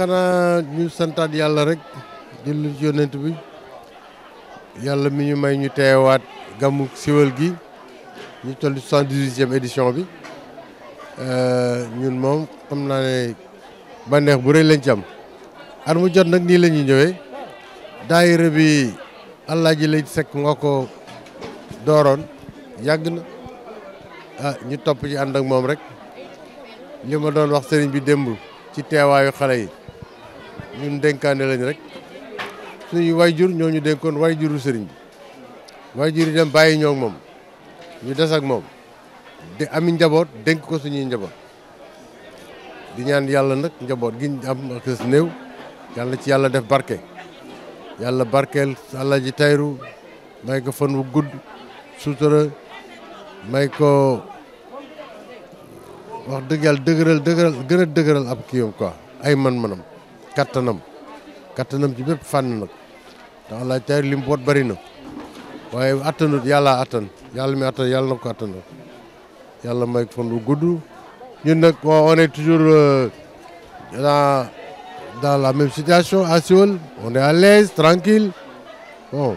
xanaa ñu santaat yàlla rek jullit yonent bi yàlla mi ñu may ñu teewaat gàmmu siwel gi ñu toll soixante-dix-huitième édition bi euh, ñun moom xam naa ne bànneex bu rëy lañ ci am at mu jot nag nii la ñuy ñëwee daayira bi Alaaji Lay Seck nga ko dooroon yàgg na ah ñu topp ci ànd ak moom rek ñu ma doon wax sëriñ bi démb ci teewaayu xale yi ñun dénkaane lañ rek suñu wayjur ñoo ñu dénkoon wayjuru sëriñ bi wayjur yi dem bàyyi ñoo moom ñu des ak moom di ami njaboot dénk ko suñuy njaboot di ñaan yàlla nag njaboot gi am ak néew yàlla ci yàlla def barke yàlla barkeel Alaaji Tayru may ko fan gudd sutura may ko wax dëgg yàlla dëgëral dëgëral gën a ab kiyam quoi ay man-manam kattanam kattanam ci bépp fànn nag ndax allah taar li boot bari na waaye attanut yàlla attan yàlla mi attan yàlla na ko attan yàlla may ko fan wu gudd ñu nag on est toujours euh, dans dans la même situation à Sioul on est à tranquille bon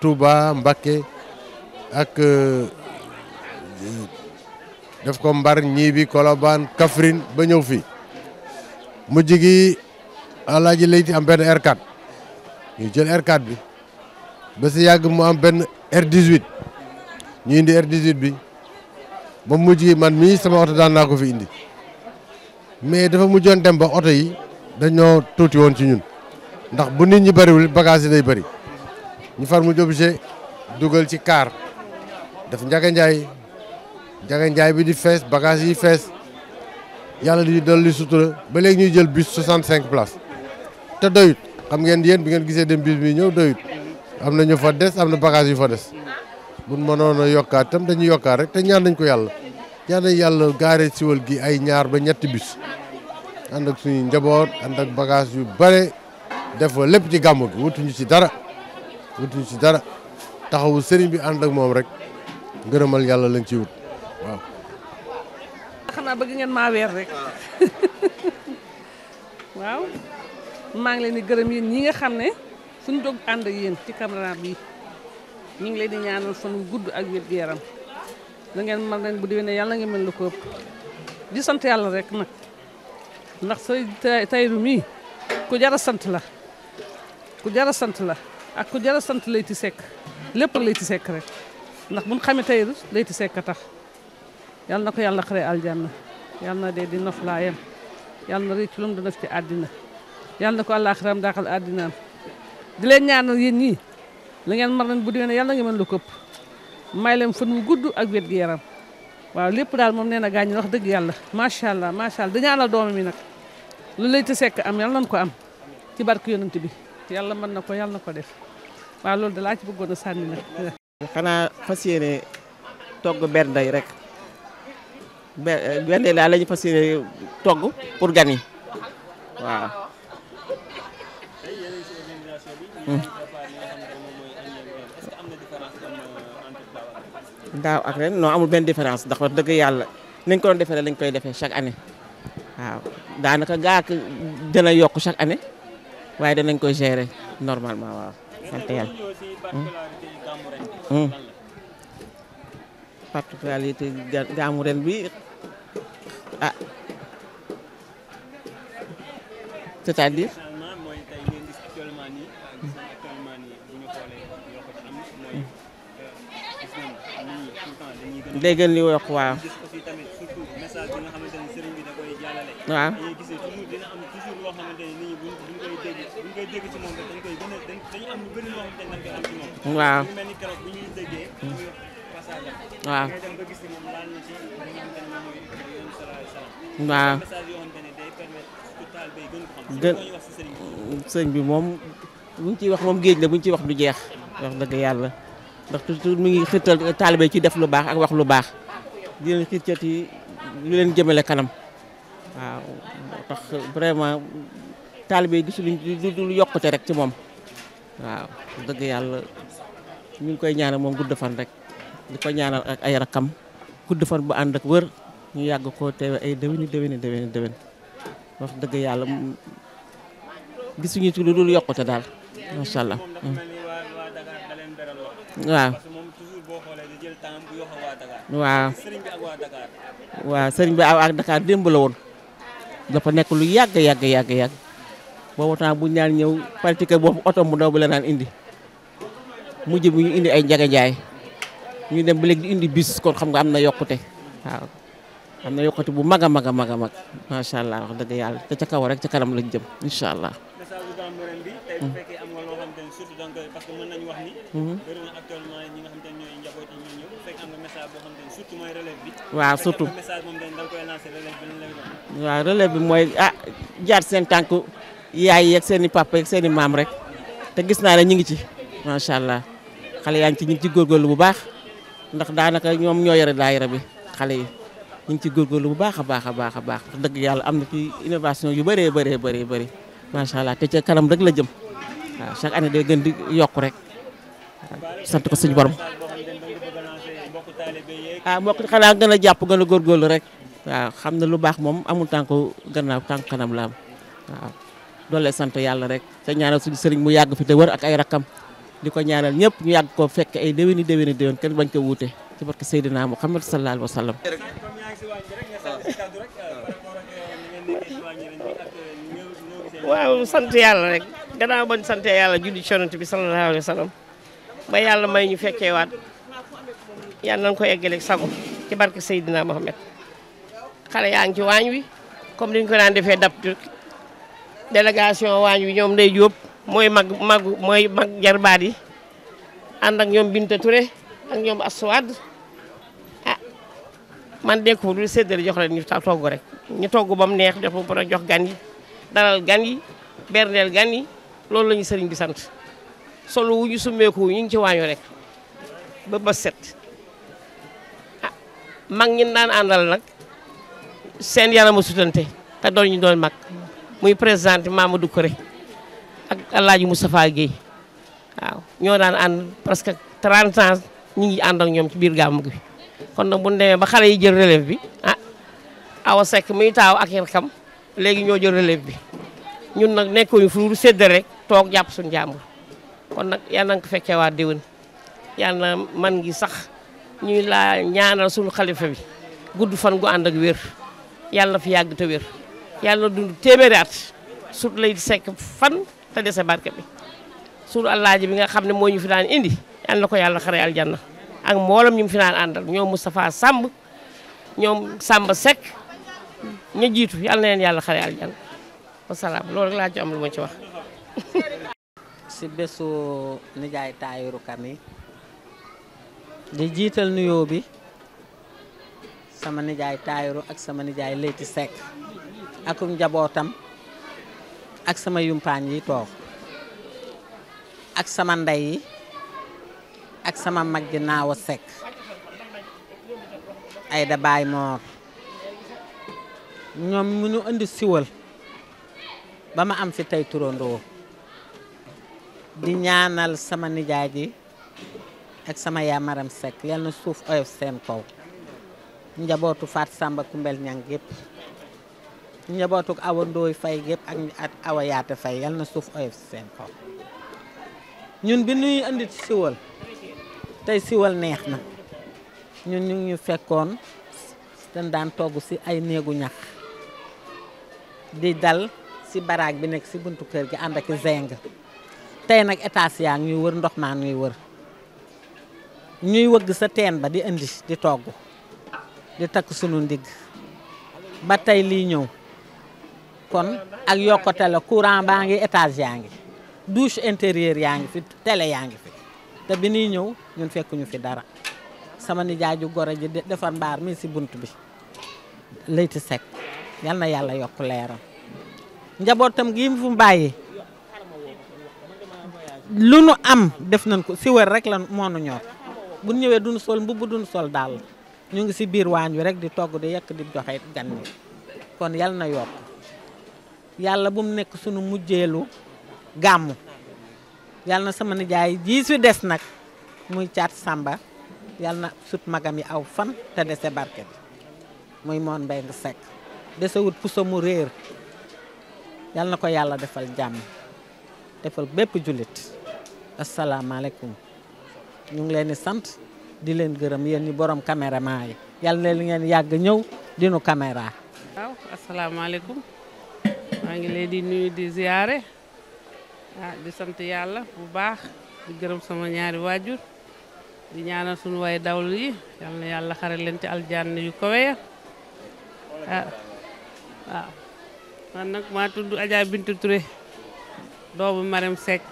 Touba Mbacké ak euh, euh, def ko Mbar Ñiibi Colobane Kaffrine ba ñëw fii mujj gi Alaaji Leyti am benn R4 ñu jël R4 bi ba si yàgg mu am benn R18 ñu indi R18 bi ba mu gi man mii sama oto daan naa ko fi indi mais dafa mujjoon dem ba oto yi dañoo tuuti woon ci ñun ndax bu nit ñi bëriwul bagage yi day bëri. ñu far mu obligé dugal ci kaar def njaga njaay njaga njaay bi di fees bagage yi fees yàlla di dolli sutura ba léegi ñuy jël bus 65 place te doyut xam ngeen yéen bi ngeen gisee dem bus bi ñëw doyut am na ñu fa des am na bagage yu fa des buñ mënoon a yokkaat itam dañuy yokkaat rek te ñaan dañ ko yàlla ñaan nañ yàlla gaare siwal gi ay ñaar ba ñetti bus ànd ak suñu njaboot ànd ak bagage yu bare def lépp ci gàmmu gi wutuñu ci dara wutuñu ci dara taxawu sëriñ bi ànd ak moom rek ngërëmal yàlla lañ ci wut waaw. xanaa bëgg ngeen maa weer rek waaw maa ngi leen di gërëm yéen ñi nga xam ne suñu dog ànd ak yéen ci caméra bi ngi leen di ñaanal fan gudd ak wér yaram da ngeen mën leen bu mel lu ko di sant rek ndax tayru ku jara sant la ku jara sant la. ak ku jar a sant Leyti Seck lépp Leyti Seck rek ndax bu ñu xamee tey Leyti Seck tax yal na ko yàlla xaree aljanna yal na dee di noflaayam yal na réccu lu mu def ci àddina yal na ko àllaaxiraam daaxal àddinaam di leen ñaanal yéen ñii la ngeen mar nañ bu déwénee yal na ngeen mën lu këpp may leen fan mu gudd ak wér gi yaram waaw lépp daal moom nee na gaañ wax dëgg yàlla macha allah macha allah di ñaanal doomam mi nag lu Leyti Seck am yal nañ ko am ci barke yonent bi. yàlla mën na ko yàlla na ko def waaw loolu da laa bëggoon sànni nag. xanaa fas yéene togg rek bernday daal pour gan waaw. daaw ak ren non amul benn différence ndax wax dëgg yàlla nañ ko doon defee lañ koy defee chaque année waaw daanaka gaak dana yokk chaque année. waaye danañ koy gérer normalement waaw. sant hmm? Hmm? particularité gàmmu bi ah. c'est-à-dire. Hmm. day gën li wax waaw. waaw. koy waaw mm. waaw ngay dem moom laal na ci wax bi. moom buñ ciy wax moom géej la buñ ciy wax du jeex. wax dëgg yàlla ndax toujours mu ngi xirtal taalibe ci def lu baax ak wax lu baax di leen xirtati lu leen jëmale kanam waaw tax vraiment. talibé gisuluñ lu yokkute rek ci mom waaw dëgg yalla ñu ngi koy ñaanal mom gudd fan rek diko ñaanal ak ay rakam gudd fan bu and ak wër ñu yag ko téw ay dewini dewini dewini dewen wax dëgg yalla mm, gisuñu ci lu dul yokkute daal macha allah mm. waaw waaw waaw sëriñ bi ak Dakar démb dafa nek lu yag yag yag yag boobu temps bu ñaan ñëw parti que boobu oto ndaw bi la naan indi ñu indi ay jaay ñu dem di indi bis kon xam nga am na waaw bu maga a maga a mag allah wax dëgg yàlla te ca kaw rek ca kanam jëm allah. waaw surtout waaw relève bi ah jaar seen tànk yaay yak seen papa yak seen mam rek te gis na la ñi ngi ci macha allah xale yaa ci ñi ci gorgol bu baax ndax daanaka ñom ñoy yore daayira bi xalé yi ñu ci gorgol bu baaxa baaxa baaxa baax deug yalla amna ci innovation yu bëree bëree bëri bëri macha allah te ci kanam rek la jëm chaque année day gën di yok rek sant ko suñu borom. ah mbokk xanaa gën a jàpp gën a rek waaw xamna lu baax mom amul tànku gannaaw tank kanam la waaw. doole sant yàlla rek te ñaanal suñu sëriñ mu yàgg fi te wër ak ay rakam di ko ñaanal ñëpp ñu yàgg ko fekk ay déwéni déwéni déwén kenn bañ ko wuute ci barke Seydina Muhammad sallallahu alayhi wa sallam waaw sant yàlla rek gannaaw bañ sant yàlla julli ci yonent bi sallallahu alayhi wa sallam ba yàlla may ñu fekkee waat yàlla nañ ko eggaleeg sago ci barke Seydina Muhammad xale yaa ngi ci waañ wi comme ni ñu ko daan defee délégation waañ wi ñoom Ndeye Diop mooy mag mag mooy mag jarbaat yi ànd ak ñoom Binta Touré ak ñoom Aswad ah man dégg ko dul séddale jox leen ñu togg rek ñu togg ba mu neex jox ba pare jox gan yi dalal gan yi berndeel loolu la ñu sëriñ bi sant solo wu ñu summeeku ñu ngi ci waañu rek ba ba set ah mag ñi daan àndal nag seen yaramu sutante te doon ñu doon mag muy présidente Mamadou Kouré ak El Hadj Moustapha Guèye waaw ñoo daan ànd parce que ans ñu ngi ànd ak ñoom ci biir gàmmu gi kon nag bu ñu demee ba xale yi jël relève bi ah Awa Seck muy taaw ak yéen xam léegi ñoo jël relève bi ñun nag nekkuñu fu lu sédd rek toog jàpp suñu jàmbur kon nag yal na nga ko fekkee waa déwén yal na man gi sax ñuy laa ñaanal suñu xalifa bi gudd fan gu ànd ak wér yàlla na fi yàgg te wér. yàlla dund téeméeri at sut lay sekk fan te dese barke bi sunu allaaji bi nga xam ne mooy ñu fi daan indi yal na ko yàlla xare aljanna ak mboolem ñu mu fi daan àndal ñoom Moustapha Samb ñoom Samba sekk ñu jiitu yal na yàlla xare aljanna wasalaam loolu rek laa ci am lu ma ci wax. si bésu nijaay Tahirou Kane di jiital nuyoo bi sama nijaay Tahirou ak sama nijaay Leyti Seck. akum njabootam ak sama yumpaañ yi toog ak sama ndey ak sama mag ji naaw a sekk ay da baay moor ñoom mu ñu indi siwal ba ma am fi tey turandoo di ñaanal sama nijaay ji ak sama yaamaram sekk yal na suuf oyof seen kaw njabootu faat sàmba kumbel ñang yépp njabootuk awa ndooy fay gépp ak na suuf oyof ñun bi nuy indi siwal tey siwal neex na ñun ñu fekkoon dañ daan togg ci ay néegu ñax di dal ci baraag bi nekk ci buntu kër gi ànd ak zeng tey nag étage yaa ngi ñuy wër ndox naa ñuy wër ñuy wëgg sa teen ba di indi di togg di takk sunu ndigg ba tey lii ñëw kon ak yokkute la courant baa ngi étage yaa ngi douche intérieure yaa ngi fi télé yaa ngi fi te bi ñuy ñëw ñun fekkuñu fi dara sama nijaay ju goro ji defar mbaar mi si bunt bi Leyti Seck yal na yàlla yokk leeram njabootam gi fu mu bàyyi lu nu am def nañ ko si wër rek la moo nu ñor bu ñëwee duñu sol mbubb duñu sol daal ñu ngi si biir waañ wi rek di togg di yekk di joxe gan kon yal na yokk yalla bu mu nekk sunu mujjeelu gàmmu na sama nijaay ji su dess nak muy chat samba yàlla na sut magam yi aw fan te dessé barké muy mon mbay nga puso mu yalna na ko defal jàmm defal julit assalamu alaykum ñu ngi leen sante di leen gërëm yeen ni borom caméra yalla leen ngeen dinu caméra assalamu alaykum mangi lay di nuyu di ziaré ah di sant yalla bu baax di gërëm sama ñaari wajur di ñaanal suñu way dawl yi yalla yalla xaral xare ci aljann yu ko wéya ah man nak ma tuddu Adja Bintou Touré doobu Marème Seck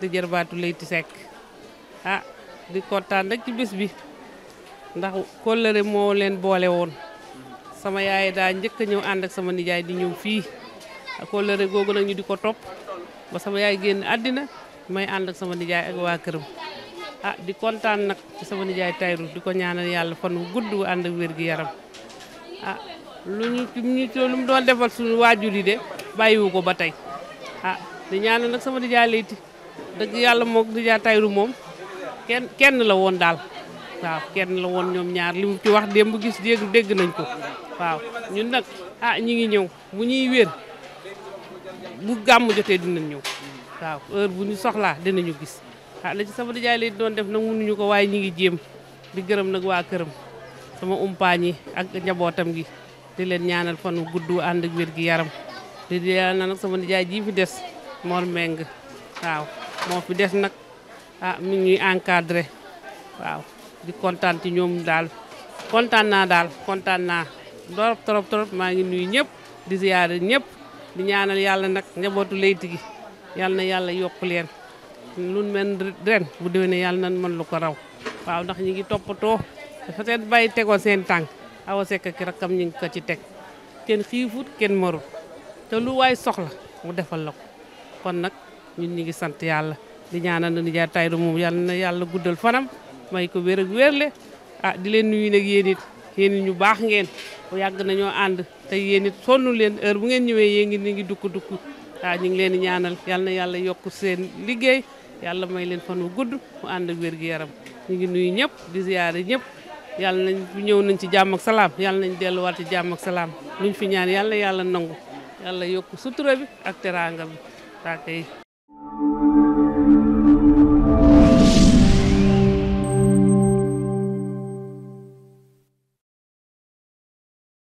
di jërbaatu Leyti Seck ah di kontan rek ci bis bi ndax kóllëre mo leen boole won sama yaay da ñëk ñew and ak sama nijaay di ñew fi kóllëre googu nag ñu di ko topp ba sama yaay génn àddina may ànd ak sama nijaay ak waa këram ah di kontaan nag ci sama nijaay Tayru di ko ñaanal yàlla fan wu gudd wu ànd ak wér gi yaram ah lu ñu ñu lu mu doon defal suñu waajur yi de bàyyiwu ko ba tey ah di ñaanal nag sama nijaay Leyti dëgg yàlla moog nijaay Tayru moom kenn kenn la woon daal waaw kenn la woon ñoom ñaar li mu ci wax démb gis dégg dégg nañ ko waaw ñun nag ah ñi ñëw bu ñuy wér bu gamu jotee dinañ ñew waaw heure bu ñu soxlaa dinañu gis ah la ci sama dijay lay doon def nag mënuñu ko way ñi ngi jëm di gëreem nak wa kërëm sama umpañi ak njabotam gi di leen ñaanal fan guddu and ak wér yaram di leen nak sama dijay ji fi dess Mor Meng waaw mo fi dess nak ah mi ñuy encadrer waaw di contante ci ñoom dal kontaan na dal kontaan na trop ngi nuyu ñëpp di ziaré ñëpp di ñaanal yàlla nag njabootu Leyti gi yàlla na yàlla yokk lu lun men ren bu déwénee yàlla nan mën lu ko raw waaw ndax ñi ngi toppatoo dafa seen bàyyi tegoo seen tànk awa sekk ki rakkam ñu ngi ko ci teg kenn xiifut kenn marut te lu waay soxla mu defal la ko kon nag ñun ñi ngi sant yàlla di ñaanal na nijaay Tayru moom yàlla na yàlla guddal fanam may ko wér ak wérle ah, di leen nuyu nag yéen it ñu baax ngeen bu yàgg nañoo ànd te yéen it sonn leen heure bu ngeen ñëwee yéen ngi ni ngi dukk dukk waaw ñu ngi leen di ñaanal yal na yàlla yokk seen liggéey yàlla may leen fan wu gudd mu ànd ak wér gi yaram ñu ngi nuyu ñëpp di ziyaare ñëpp yàlla nañ ñëw nañ ci jàmm ak salaam yàlla nañ delluwaat ci jàmm ak salaam luñ fi ñaan yàlla yàlla nangu yàlla yokk sutura bi ak teraanga bi waa kay